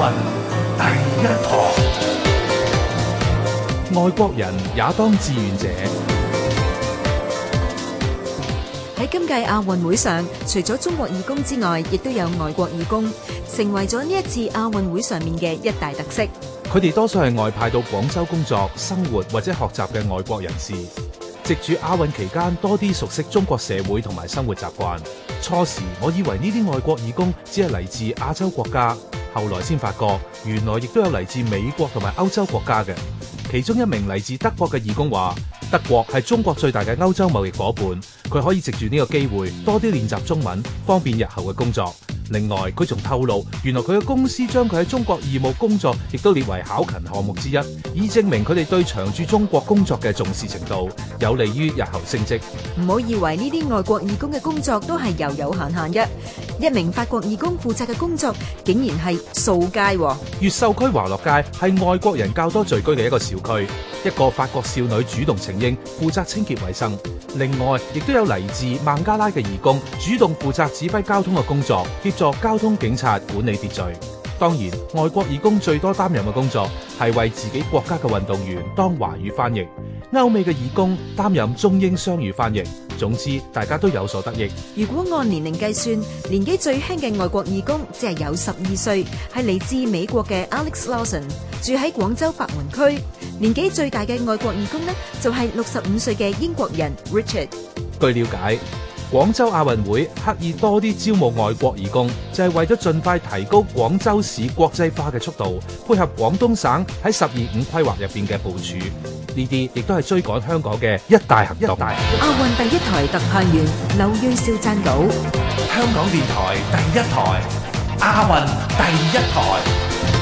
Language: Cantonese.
第一堂，外國人也當志願者。喺今屆亞運會上，除咗中國義工之外，亦都有外國義工，成為咗呢一次亞運會上面嘅一大特色。佢哋多數係外派到廣州工作、生活或者學習嘅外國人士，藉住亞運期間多啲熟悉中國社會同埋生活習慣。初時我以為呢啲外國義工只係嚟自亞洲國家。後來先發覺，原來亦都有嚟自美國同埋歐洲國家嘅。其中一名嚟自德國嘅義工話，德國係中國最大嘅歐洲貿易夥伴，佢可以藉住呢個機會多啲練習中文，方便日後嘅工作。另外，佢仲透露，原來佢嘅公司將佢喺中國義務工作亦都列為考勤項目之一，以證明佢哋對長住中國工作嘅重視程度，有利於日後升職。唔好以為呢啲外國義工嘅工作都係悠悠閒閒嘅。一名法國義工負責嘅工作，竟然係掃街喎。越秀區華樂街係外國人較多聚居嘅一個小區。一個法國少女主動請纓負責清潔衛生，另外亦都有嚟自孟加拉嘅義工主動負責指揮交通嘅工作，協助交通警察管理秩序。當然，外國義工最多擔任嘅工作係為自己國家嘅運動員當華語翻譯。歐美嘅義工擔任中英雙語翻譯，總之大家都有所得益。如果按年齡計算，年紀最輕嘅外國義工只係有十二歲，係嚟自美國嘅 Alex Lawson，住喺廣州白雲區。年紀最大嘅外國義工呢，就係六十五歲嘅英國人 Richard。據了解。廣州亞運會刻意多啲招募外國義工，就係、是、為咗盡快提高廣州市國際化嘅速度，配合廣東省喺“十二五”規劃入邊嘅部署。呢啲亦都係追趕香港嘅一大行一大行。亞運第一台特派員劉瑞少贊道：稿香港電台第一台，亞運第一台。